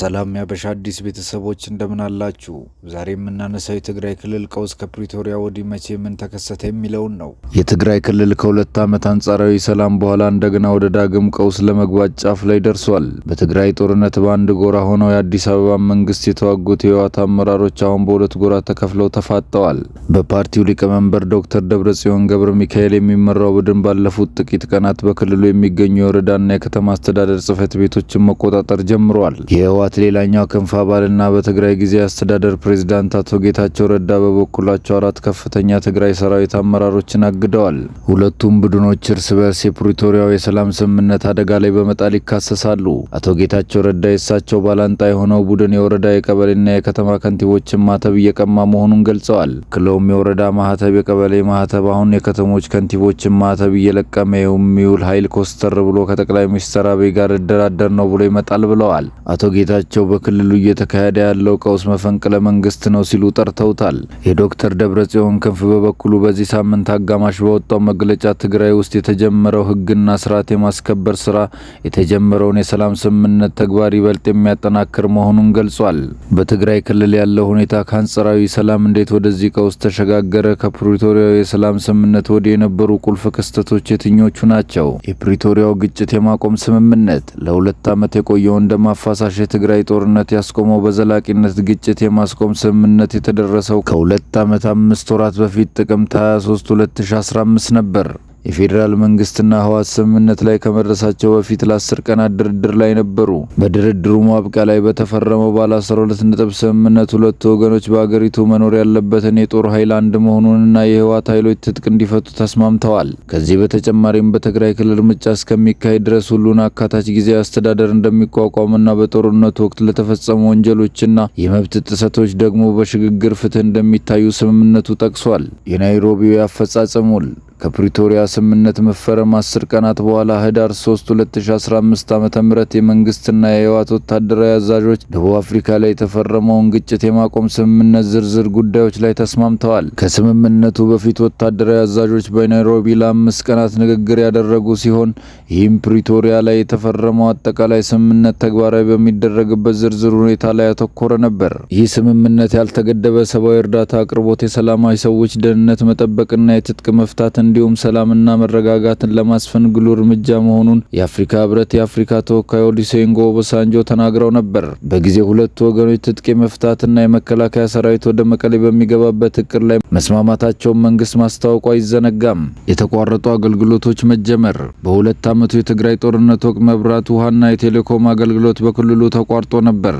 ሰላም ያበሻ አዲስ ቤተሰቦች እንደምን አላችሁ? ዛሬ የምናነሳው የትግራይ ክልል ቀውስ ከፕሪቶሪያ ወዲህ መቼ ምን ተከሰተ የሚለውን ነው። የትግራይ ክልል ከሁለት ዓመት አንጻራዊ ሰላም በኋላ እንደገና ወደ ዳግም ቀውስ ለመግባት ጫፍ ላይ ደርሷል። በትግራይ ጦርነት በአንድ ጎራ ሆነው የአዲስ አበባ መንግስት የተዋጉት የህወሓት አመራሮች አሁን በሁለት ጎራ ተከፍለው ተፋጠዋል። በፓርቲው ሊቀመንበር ዶክተር ደብረጽዮን ገብረ ሚካኤል የሚመራው ቡድን ባለፉት ጥቂት ቀናት በክልሉ የሚገኙ የወረዳና የከተማ አስተዳደር ጽህፈት ቤቶችን መቆጣጠር ጀምረዋል። ህወሓት ሌላኛው ክንፍ አባልና በትግራይ ጊዜ አስተዳደር ፕሬዝዳንት አቶ ጌታቸው ረዳ በበኩላቸው አራት ከፍተኛ ትግራይ ሰራዊት አመራሮችን አግደዋል። ሁለቱም ቡድኖች እርስ በርስ የፕሪቶሪያው የሰላም ስምምነት አደጋ ላይ በመጣል ይካሰሳሉ። አቶ ጌታቸው ረዳ የእሳቸው ባላንጣ የሆነው ቡድን የወረዳ የቀበሌና የከተማ ከንቲቦችን ማተብ እየቀማ መሆኑን ገልጸዋል። ክለውም የወረዳ ማህተብ፣ የቀበሌ ማህተብ፣ አሁን የከተሞች ከንቲቦችን ማተብ እየለቀመ የሚውል ኃይል ኮስተር ብሎ ከጠቅላይ ሚኒስትር አብይ ጋር እደራደር ነው ብሎ ይመጣል ብለዋል። አቶ ጌታ ፓርቲያቸው በክልሉ እየተካሄደ ያለው ቀውስ መፈንቅለ መንግስት ነው ሲሉ ጠርተውታል። የዶክተር ደብረጽዮን ክንፍ በበኩሉ በዚህ ሳምንት አጋማሽ በወጣው መግለጫ ትግራይ ውስጥ የተጀመረው ህግና ስርዓት የማስከበር ስራ የተጀመረውን የሰላም ስምምነት ተግባር ይበልጥ የሚያጠናክር መሆኑን ገልጿል። በትግራይ ክልል ያለው ሁኔታ ከአንጻራዊ ሰላም እንዴት ወደዚህ ቀውስ ተሸጋገረ? ከፕሪቶሪያው የሰላም ስምምነት ወዲህ የነበሩ ቁልፍ ክስተቶች የትኞቹ ናቸው? የፕሪቶሪያው ግጭት የማቆም ስምምነት ለሁለት ዓመት የቆየውን ደም አፋሳሽ የትግራይ ትግራይ ጦርነት ያስቆመው በዘላቂነት ግጭት የማስቆም ስምምነት የተደረሰው ከሁለት ዓመት አምስት ወራት በፊት ጥቅምት 23 2015 ነበር። የፌዴራል መንግስትና ህወሓት ስምምነት ላይ ከመድረሳቸው በፊት ለአስር ቀናት ድርድር ላይ ነበሩ። በድርድሩ ማብቂያ ላይ በተፈረመው ባለ 12 ነጥብ ስምምነት ሁለቱ ወገኖች በአገሪቱ መኖር ያለበትን የጦር ኃይል አንድ መሆኑንና የህወሓት ኃይሎች ትጥቅ እንዲፈቱ ተስማምተዋል። ከዚህ በተጨማሪም በትግራይ ክልል ምርጫ እስከሚካሄድ ድረስ ሁሉን አካታች ጊዜያዊ አስተዳደር እንደሚቋቋምና በጦርነቱ ወቅት ለተፈጸሙ ወንጀሎችና የመብት ጥሰቶች ደግሞ በሽግግር ፍትህ እንደሚታዩ ስምምነቱ ጠቅሷል። የናይሮቢው የአፈጻጸም ውል ከፕሪቶሪያ ስምምነት መፈረም አስር ቀናት በኋላ ህዳር 3 2015 ም የመንግስትና የህወሓት ወታደራዊ አዛዦች ደቡብ አፍሪካ ላይ የተፈረመውን ግጭት የማቆም ስምምነት ዝርዝር ጉዳዮች ላይ ተስማምተዋል። ከስምምነቱ በፊት ወታደራዊ አዛዦች በናይሮቢ ለአምስት ቀናት ንግግር ያደረጉ ሲሆን ይህም ፕሪቶሪያ ላይ የተፈረመው አጠቃላይ ስምምነት ተግባራዊ በሚደረግበት ዝርዝር ሁኔታ ላይ ያተኮረ ነበር። ይህ ስምምነት ያልተገደበ ሰብአዊ እርዳታ አቅርቦት፣ የሰላማዊ ሰዎች ደህንነት መጠበቅና የትጥቅ መፍታትን እንዲሁም ሰላምና መረጋጋትን ለማስፈን ግሉ እርምጃ መሆኑን የአፍሪካ ህብረት የአፍሪካ ተወካይ ኦሉሴጉን ኦባሳንጆ ተናግረው ነበር። በጊዜ ሁለቱ ወገኖች ትጥቅ የመፍታትና የመከላከያ ሰራዊት ወደ መቀሌ በሚገባበት እቅድ ላይ መስማማታቸውን መንግስት ማስታወቁ አይዘነጋም። የተቋረጡ አገልግሎቶች መጀመር በሁለት ዓመቱ የትግራይ ጦርነት ወቅት መብራት፣ ውሃና የቴሌኮም አገልግሎት በክልሉ ተቋርጦ ነበር።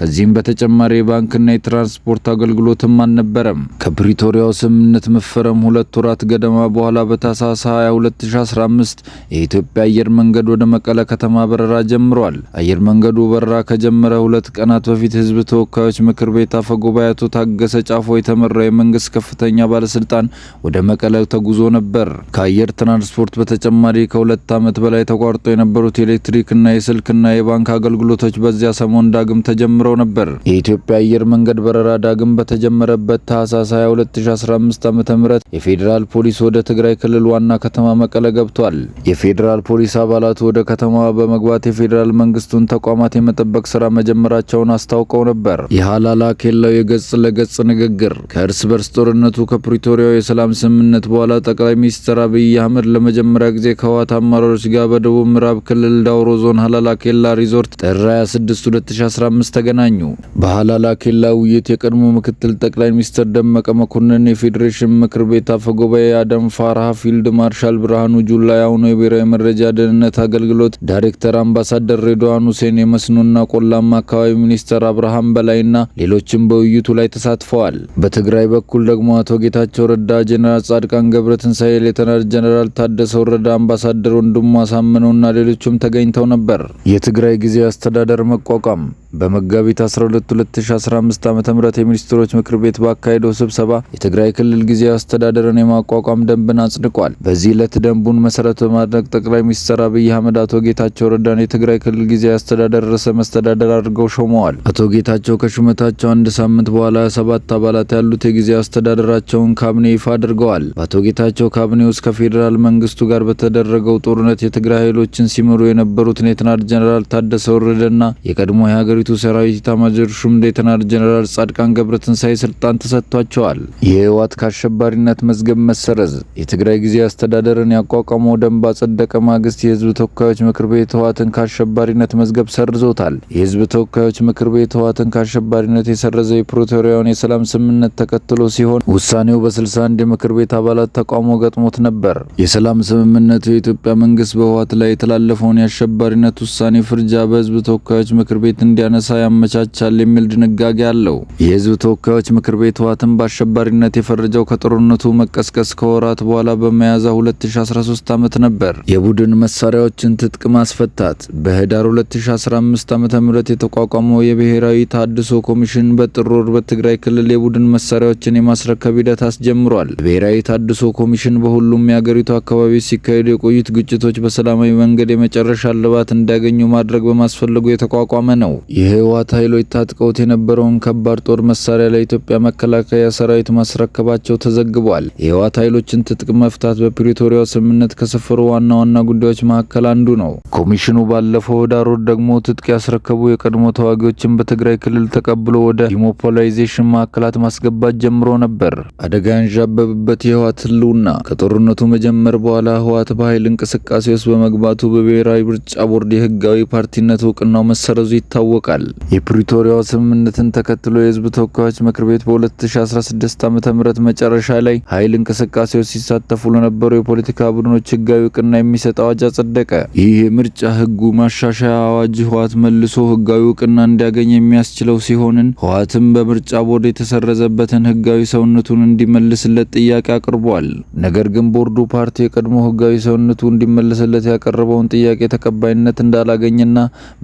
ከዚህም በተጨማሪ የባንክና የትራንስፖርት አገልግሎትም አልነበረም። ከፕሪቶሪያው ስምምነት መፈረም ሁለት ወራት ገደማ በኋላ በኋላ በታህሳስ 22 2015 የኢትዮጵያ አየር መንገድ ወደ መቀለ ከተማ በረራ ጀምሯል። አየር መንገዱ በረራ ከጀመረ ሁለት ቀናት በፊት ህዝብ ተወካዮች ምክር ቤት አፈ ጉባኤ አቶ ታገሰ ጫፎ የተመራ የመንግስት ከፍተኛ ባለስልጣን ወደ መቀለ ተጉዞ ነበር። ከአየር ትራንስፖርት በተጨማሪ ከሁለት ዓመት በላይ ተቋርጦ የነበሩት የኤሌክትሪክና የስልክና የባንክ አገልግሎቶች በዚያ ሰሞን ዳግም ተጀምረው ነበር። የኢትዮጵያ አየር መንገድ በረራ ዳግም በተጀመረበት ታህሳስ 22 2015 ዓ ም የፌዴራል ፖሊስ ወደ ትግ ትግራይ ክልል ዋና ከተማ መቀለ ገብቷል። የፌዴራል ፖሊስ አባላቱ ወደ ከተማዋ በመግባት የፌዴራል መንግስቱን ተቋማት የመጠበቅ ስራ መጀመራቸውን አስታውቀው ነበር። የሀላላ ኬላው የገጽ ለገጽ ንግግር ከእርስ በርስ ጦርነቱ ከፕሪቶሪያው የሰላም ስምምነት በኋላ ጠቅላይ ሚኒስትር አብይ አህመድ ለመጀመሪያ ጊዜ ከህወሓት አመራሮች ጋር በደቡብ ምዕራብ ክልል ዳውሮ ዞን ሀላላ ኬላ ሪዞርት ጥር 26 2015 ተገናኙ። በሀላላ ኬላ ውይይት የቀድሞ ምክትል ጠቅላይ ሚኒስትር ደመቀ መኮንን፣ የፌዴሬሽን ምክር ቤት አፈጉባኤ አደም ፋ አማራ ፊልድ ማርሻል ብርሃኑ ጁላ የአሁኑ የብሔራዊ መረጃ ደህንነት አገልግሎት ዳይሬክተር አምባሳደር ሬድዋን ሁሴን፣ የመስኖና ቆላማ አካባቢ ሚኒስትር አብርሃም በላይና ሌሎችም በውይይቱ ላይ ተሳትፈዋል። በትግራይ በኩል ደግሞ አቶ ጌታቸው ረዳ፣ ጄኔራል ጻድቃን ገብረ ትንሳኤ፣ ሌተናል ጄኔራል ታደሰ ወረደ፣ አምባሳደር ወንድሙ አሳምነውና ሌሎችም ተገኝተው ነበር። የትግራይ ጊዜ አስተዳደር መቋቋም በመጋቢት 12 2015 ዓ ም የሚኒስትሮች ምክር ቤት ባካሄደው ስብሰባ የትግራይ ክልል ጊዜ አስተዳደርን የማቋቋም ደንብን ደንቡን አጽድቋል። በዚህ ዕለት ደንቡን መሰረት በማድረግ ጠቅላይ ሚኒስትር አብይ አህመድ አቶ ጌታቸው ረዳን የትግራይ ክልል ጊዜያዊ አስተዳደር ርዕሰ መስተዳደር አድርገው ሾመዋል። አቶ ጌታቸው ከሹመታቸው አንድ ሳምንት በኋላ ሰባት አባላት ያሉት የጊዜያዊ አስተዳደራቸውን ካቢኔ ይፋ አድርገዋል። በአቶ ጌታቸው ካቢኔ ውስጥ ከፌዴራል መንግስቱ ጋር በተደረገው ጦርነት የትግራይ ኃይሎችን ሲመሩ የነበሩት ሌተናል ጀነራል ታደሰ ወረደና የቀድሞ የሀገሪቱ ሰራዊት ኢታማዦር ሹም ሌተናል ጀነራል ጻድቃን ገብረትንሳኤ ስልጣን ተሰጥቷቸዋል። የህወሓት ከአሸባሪነት መዝገብ መሰረዝ የትግራይ ጊዜ አስተዳደርን ያቋቋመው ደንብ አጸደቀ ማግስት የህዝብ ተወካዮች ምክር ቤት ህወሓትን ከአሸባሪነት መዝገብ ሰርዞታል። የህዝብ ተወካዮች ምክር ቤት ህወሓትን ከአሸባሪነት የሰረዘው የፕሪቶሪያውን የሰላም ስምምነት ተከትሎ ሲሆን ውሳኔው በ61 የምክር ቤት አባላት ተቃውሞ ገጥሞት ነበር። የሰላም ስምምነቱ የኢትዮጵያ መንግስት በህወሓት ላይ የተላለፈውን የአሸባሪነት ውሳኔ ፍርጃ በህዝብ ተወካዮች ምክር ቤት እንዲያነሳ ያመቻቻል የሚል ድንጋጌ አለው። የህዝብ ተወካዮች ምክር ቤት ህወሓትን በአሸባሪነት የፈረጀው ከጦርነቱ መቀስቀስ ከወራት በኋላ ኋላ በመያዛ 2013 ዓመት ነበር የቡድን መሳሪያዎችን ትጥቅ ማስፈታት። በህዳር 2015 ዓ.ም የተቋቋመው የብሔራዊ ታድሶ ኮሚሽን በጥር ወር በትግራይ ክልል የቡድን መሳሪያዎችን የማስረከብ ሂደት አስጀምሯል። ብሔራዊ ታድሶ ኮሚሽን በሁሉም የአገሪቱ አካባቢ ሲካሄዱ የቆዩት ግጭቶች በሰላማዊ መንገድ የመጨረሻ እልባት እንዲያገኙ ማድረግ በማስፈለጉ የተቋቋመ ነው። የህወሓት ኃይሎች ታጥቀውት የነበረውን ከባድ ጦር መሳሪያ ለኢትዮጵያ መከላከያ ሰራዊት ማስረከባቸው ተዘግቧል። የህወሓት ኃይሎችን ትጥቅ መፍታት በፕሪቶሪያው ስምምነት ከሰፈሩ ዋና ዋና ጉዳዮች መካከል አንዱ ነው። ኮሚሽኑ ባለፈው ህዳር ወር ደግሞ ትጥቅ ያስረከቡ የቀድሞ ተዋጊዎችን በትግራይ ክልል ተቀብሎ ወደ ዲሞፖላይዜሽን ማዕከላት ማስገባት ጀምሮ ነበር። አደጋ ያንዣበብበት የህወሓት ህልውና ከጦርነቱ መጀመር በኋላ ህወሓት በኃይል እንቅስቃሴ ውስጥ በመግባቱ በብሔራዊ ምርጫ ቦርድ የህጋዊ ፓርቲነት እውቅናው መሰረዙ ይታወቃል። የፕሪቶሪያው ስምምነትን ተከትሎ የህዝብ ተወካዮች ምክር ቤት በ2016 ዓ ም መጨረሻ ላይ ኃይል እንቅስቃሴዎች የሚሳተፉ ለነበሩ የፖለቲካ ቡድኖች ህጋዊ እውቅና የሚሰጥ አዋጅ አጸደቀ። ይህ የምርጫ ህጉ ማሻሻያ አዋጅ ህወሓት መልሶ ህጋዊ እውቅና እንዲያገኝ የሚያስችለው ሲሆንን ህወሓትም በምርጫ ቦርድ የተሰረዘበትን ህጋዊ ሰውነቱን እንዲመልስለት ጥያቄ አቅርቧል። ነገር ግን ቦርዱ ፓርቲ የቀድሞ ህጋዊ ሰውነቱ እንዲመለስለት ያቀረበውን ጥያቄ ተቀባይነት እንዳላገኝና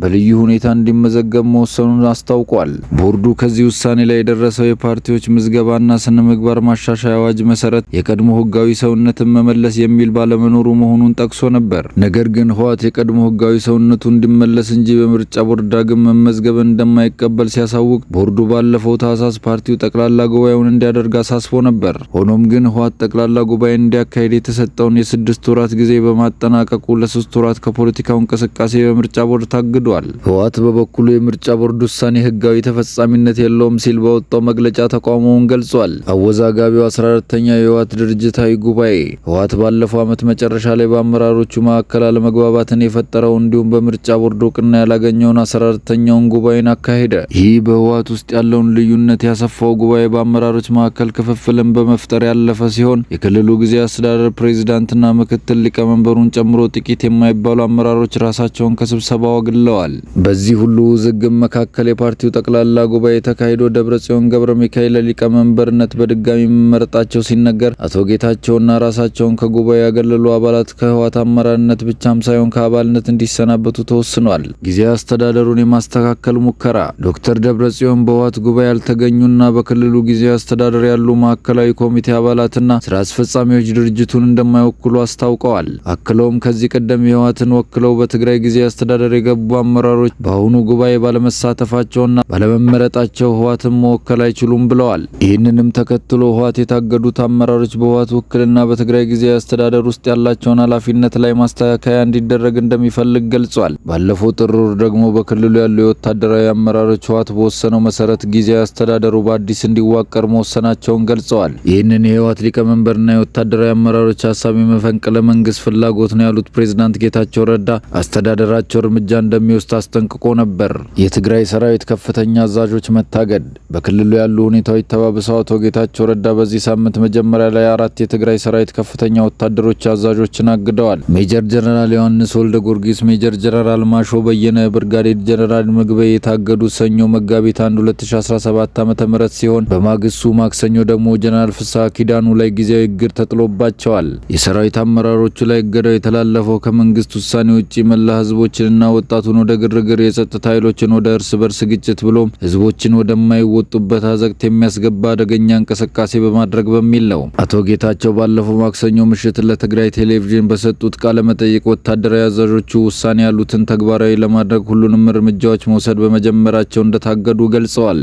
በልዩ ሁኔታ እንዲመዘገብ መወሰኑን አስታውቋል። ቦርዱ ከዚህ ውሳኔ ላይ የደረሰው የፓርቲዎች ምዝገባና ስነ ምግባር ማሻሻያ አዋጅ መሰረት የቀድሞ ህጋዊ ሰውነትን መመለስ የሚል ባለመኖሩ መሆኑን ጠቅሶ ነበር። ነገር ግን ህወሓት የቀድሞ ህጋዊ ሰውነቱ እንዲመለስ እንጂ በምርጫ ቦርድ ዳግም መመዝገብ እንደማይቀበል ሲያሳውቅ፣ ቦርዱ ባለፈው ታህሳስ ፓርቲው ጠቅላላ ጉባኤውን እንዲያደርግ አሳስቦ ነበር። ሆኖም ግን ህወሓት ጠቅላላ ጉባኤ እንዲያካሄድ የተሰጠውን የስድስት ወራት ጊዜ በማጠናቀቁ ለሶስት ወራት ከፖለቲካው እንቅስቃሴ በምርጫ ቦርድ ታግዷል። ህወሓት በበኩሉ የምርጫ ቦርድ ውሳኔ ህጋዊ ተፈጻሚነት የለውም ሲል በወጣው መግለጫ ተቃውሞውን ገልጿል። አወዛጋቢው 14ተኛ የህወሓት ድርጅታዊ ጉባኤ ህወሓት ባለፈው ዓመት መጨረሻ ላይ በአመራሮቹ መካከል አለመግባባትን የፈጠረው እንዲሁም በምርጫ ቦርድ እውቅና ያላገኘውን አስራ አራተኛውን ጉባኤን አካሄደ። ይህ በህወሓት ውስጥ ያለውን ልዩነት ያሰፋው ጉባኤ በአመራሮች መካከል ክፍፍልን በመፍጠር ያለፈ ሲሆን የክልሉ ጊዜ አስተዳደር ፕሬዚዳንትና ምክትል ሊቀመንበሩን ጨምሮ ጥቂት የማይባሉ አመራሮች ራሳቸውን ከስብሰባው አግለዋል። በዚህ ሁሉ ውዝግብ መካከል የፓርቲው ጠቅላላ ጉባኤ ተካሂዶ ደብረጽዮን ገብረ ሚካኤል ሊቀመንበርነት በድጋሚ መመረጣቸው ሲነገር አቶ ጌታቸው ራሳቸውና ራሳቸውን ከጉባኤው ያገለሉ አባላት ከህወሓት አመራርነት ብቻም ሳይሆን ከአባልነት እንዲሰናበቱ ተወስኗል። ጊዜያዊ አስተዳደሩን የማስተካከል ሙከራ ዶክተር ደብረጽዮን በህወሓት ጉባኤ ያልተገኙና በክልሉ ጊዜያዊ አስተዳደር ያሉ ማዕከላዊ ኮሚቴ አባላትና ስራ አስፈጻሚዎች ድርጅቱን እንደማይወክሉ አስታውቀዋል። አክለውም ከዚህ ቀደም የህወሓትን ወክለው በትግራይ ጊዜያዊ አስተዳደር የገቡ አመራሮች በአሁኑ ጉባኤ ባለመሳተፋቸውና ባለመመረጣቸው ህወሓትን መወከል አይችሉም ብለዋል። ይህንንም ተከትሎ ህወሓት የታገዱት አመራሮች በህወሓት ውክል በክልልና በትግራይ ጊዜ አስተዳደር ውስጥ ያላቸውን ኃላፊነት ላይ ማስተካከያ እንዲደረግ እንደሚፈልግ ገልጿል። ባለፈው ጥር ደግሞ በክልሉ ያሉ የወታደራዊ አመራሮች ህወሓት በወሰነው መሰረት ጊዜ አስተዳደሩ በአዲስ እንዲዋቀር መወሰናቸውን ገልጸዋል። ይህንን የህወሓት ሊቀመንበርና የወታደራዊ አመራሮች ሀሳብ የመፈንቅለ መንግስት ፍላጎት ነው ያሉት ፕሬዝዳንት ጌታቸው ረዳ አስተዳደራቸው እርምጃ እንደሚወስድ አስጠንቅቆ ነበር። የትግራይ ሰራዊት ከፍተኛ አዛዦች መታገድ። በክልሉ ያሉ ሁኔታዎች ተባብሰው አቶ ጌታቸው ረዳ በዚህ ሳምንት መጀመሪያ ላይ አራት የትግራይ የትግራይ ሰራዊት ከፍተኛ ወታደሮች አዛዦችን አግደዋል። ሜጀር ጀነራል ዮሐንስ ወልደ ጊዮርጊስ፣ ሜጀር ጀነራል ማሾ በየነ፣ ብርጋዴር ጀነራል ምግቤ የታገዱት ሰኞ መጋቢት 1 2017 ዓ.ም ሲሆን በማግስቱ ማክሰኞ ደግሞ ጀነራል ፍስሐ ኪዳኑ ላይ ጊዜያዊ እግድ ተጥሎባቸዋል። የሰራዊት አመራሮቹ ላይ እገዳው የተላለፈው ከመንግስት ውሳኔ ውጪ መላ ህዝቦችንና ወጣቱን ወደ ግርግር፣ የጸጥታ ኃይሎችን ወደ እርስ በርስ ግጭት ብሎም ህዝቦችን ወደማይወጡበት አዘቅት የሚያስገባ አደገኛ እንቅስቃሴ በማድረግ በሚል ነው። አቶ ጌታቸው ባለፈው ማክሰኞ ምሽት ለትግራይ ቴሌቪዥን በሰጡት ቃለ መጠይቅ ወታደራዊ አዛዦቹ ውሳኔ ያሉትን ተግባራዊ ለማድረግ ሁሉንም እርምጃዎች መውሰድ በመጀመራቸው እንደታገዱ ገልጸዋል።